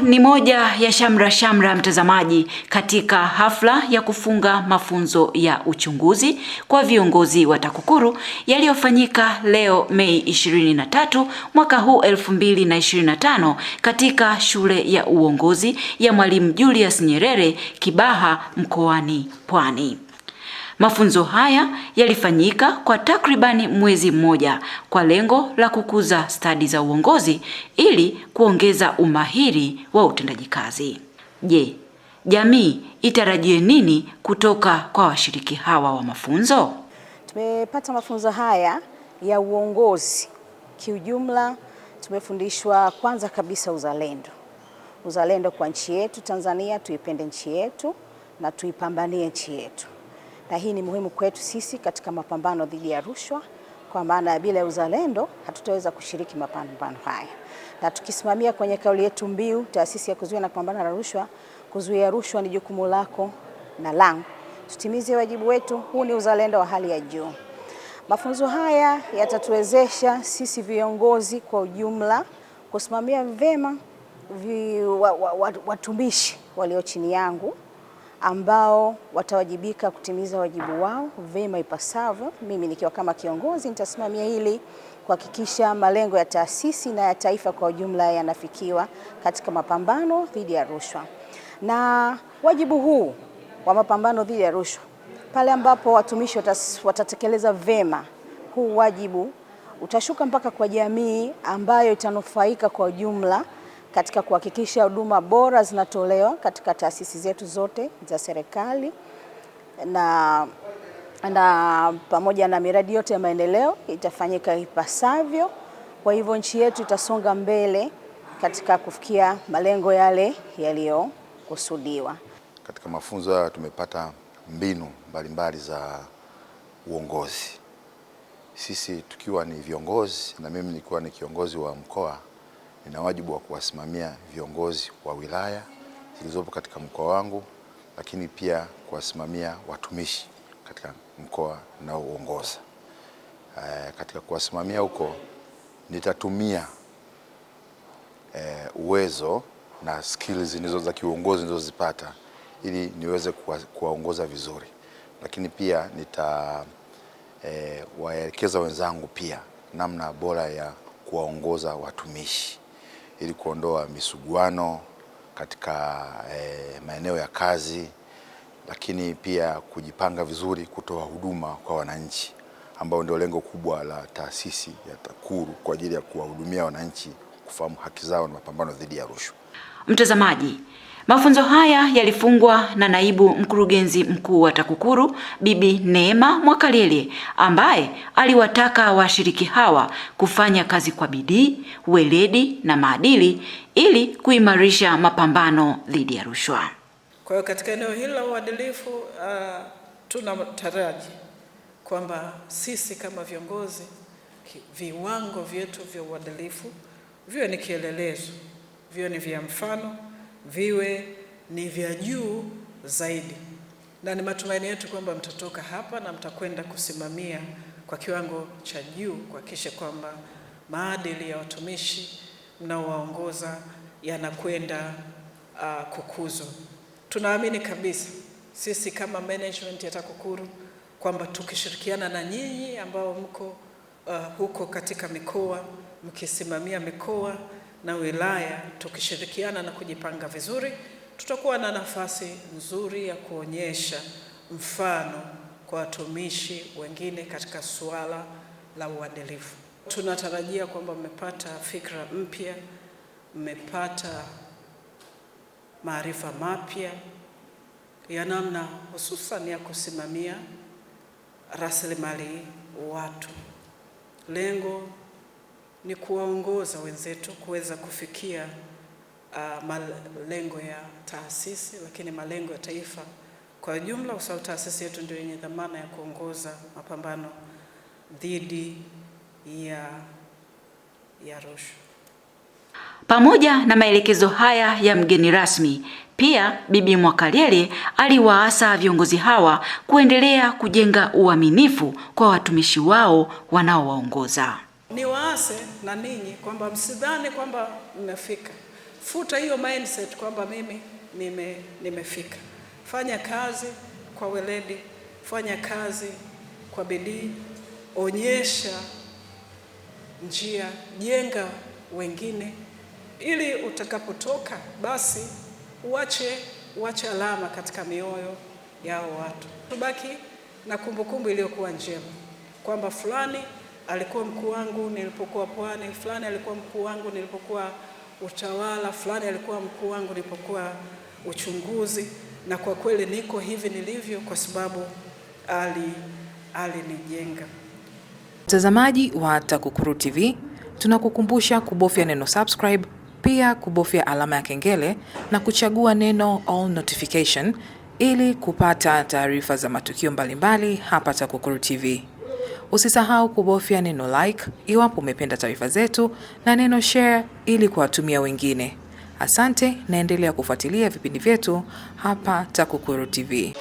ni moja ya shamra shamra, mtazamaji, katika hafla ya kufunga mafunzo ya uchunguzi kwa viongozi wa TAKUKURU yaliyofanyika leo Mei 23 mwaka huu 2025 katika shule ya uongozi ya Mwalimu Julius Nyerere Kibaha mkoani Pwani. Mafunzo haya yalifanyika kwa takribani mwezi mmoja kwa lengo la kukuza stadi za uongozi ili kuongeza umahiri wa utendaji kazi. Je, jamii itarajie nini kutoka kwa washiriki hawa wa mafunzo? Tumepata mafunzo haya ya uongozi kiujumla. Tumefundishwa kwanza kabisa uzalendo, uzalendo kwa nchi yetu Tanzania. Tuipende nchi yetu na tuipambanie nchi yetu na hii ni muhimu kwetu sisi katika mapambano dhidi ya rushwa, kwa maana ya bila ya uzalendo hatutaweza kushiriki mapambano haya, na tukisimamia kwenye kauli yetu mbiu, taasisi ya kuzuia na kupambana na rushwa, kuzuia rushwa ni jukumu lako na langu, tutimize wajibu wetu. Huu ni uzalendo wa hali ya juu. Mafunzo haya yatatuwezesha sisi viongozi kwa ujumla kusimamia vyema watumishi walio chini yangu ambao watawajibika kutimiza wajibu wao vema ipasavyo. Mimi nikiwa kama kiongozi nitasimamia hili kuhakikisha malengo ya taasisi na ya taifa kwa ujumla yanafikiwa katika mapambano dhidi ya rushwa. Na wajibu huu wa mapambano dhidi ya rushwa, pale ambapo watumishi watatekeleza vema huu wajibu, utashuka mpaka kwa jamii ambayo itanufaika kwa ujumla katika kuhakikisha huduma bora zinatolewa katika taasisi zetu zote za serikali na, na pamoja na miradi yote ya maendeleo itafanyika ipasavyo. Kwa hivyo nchi yetu itasonga mbele katika kufikia malengo yale yaliyokusudiwa. Katika mafunzo haya tumepata mbinu mbalimbali za uongozi, sisi tukiwa ni viongozi na mimi nikiwa ni kiongozi wa mkoa nina wajibu wa kuwasimamia viongozi wa wilaya zilizopo katika mkoa wangu, lakini pia kuwasimamia watumishi katika mkoa ninaouongoza. E, katika kuwasimamia huko nitatumia e, uwezo na skills nizo za kiuongozi nilizozipata ili niweze kuwaongoza vizuri, lakini pia nita e, waelekeza wenzangu pia namna bora ya kuwaongoza watumishi ili kuondoa misuguano katika e, maeneo ya kazi, lakini pia kujipanga vizuri kutoa huduma kwa wananchi ambao ndio lengo kubwa la taasisi ya TAKUKURU kwa ajili ya kuwahudumia wananchi kufahamu haki zao na mapambano dhidi ya rushwa. Mtazamaji Mafunzo haya yalifungwa na naibu mkurugenzi mkuu wa TAKUKURU Bibi Neema mwakalele ambaye aliwataka washiriki hawa kufanya kazi kwa bidii, weledi na maadili ili kuimarisha mapambano dhidi ya rushwa. Kwa hiyo katika eneo hili la uadilifu uh, tunataraji kwamba sisi kama viongozi viwango vyetu vya uadilifu viwe ni kielelezo, viwe ni vya mfano viwe ni vya juu zaidi, na ni matumaini yetu kwamba mtatoka hapa na mtakwenda kusimamia kwa kiwango cha juu kuhakikisha kwamba maadili ya watumishi mnaowaongoza yanakwenda uh, kukuzwa. Tunaamini kabisa sisi kama management ya TAKUKURU kwamba tukishirikiana na nyinyi ambao mko uh, huko katika mikoa mkisimamia mikoa na wilaya tukishirikiana na kujipanga vizuri, tutakuwa na nafasi nzuri ya kuonyesha mfano kwa watumishi wengine katika suala la uadilifu. Tunatarajia kwamba mmepata fikra mpya, mmepata maarifa mapya ya namna hususan ya kusimamia rasilimali watu. Lengo ni kuwaongoza wenzetu kuweza kufikia uh, malengo ya taasisi, lakini malengo ya taifa kwa jumla, kwa sababu taasisi yetu ndio yenye dhamana ya kuongoza mapambano dhidi ya, ya rushwa. Pamoja na maelekezo haya ya mgeni rasmi, pia Bibi Mwakaleli aliwaasa viongozi hawa kuendelea kujenga uaminifu kwa watumishi wao wanaowaongoza niwaase na ninyi kwamba msidhani kwamba mmefika. Futa hiyo mindset kwamba mimi nime, nimefika. Fanya kazi kwa weledi, fanya kazi kwa bidii, onyesha njia, jenga wengine, ili utakapotoka basi uache uache alama katika mioyo yao watu. Tubaki na kumbukumbu iliyokuwa njema kwamba fulani alikuwa mkuu wangu nilipokuwa Pwani, fulani alikuwa mkuu wangu nilipokuwa utawala, fulani alikuwa mkuu wangu nilipokuwa uchunguzi. Na kwa kweli niko hivi nilivyo kwa sababu ali alinijenga. Mtazamaji wa TAKUKURU TV, tunakukumbusha kubofya neno subscribe, pia kubofya alama ya kengele na kuchagua neno all notification ili kupata taarifa za matukio mbalimbali hapa TAKUKURU TV. Usisahau kubofya neno like iwapo umependa taarifa zetu na neno share ili kuwatumia wengine. Asante, naendelea kufuatilia vipindi vyetu hapa TAKUKURU TV.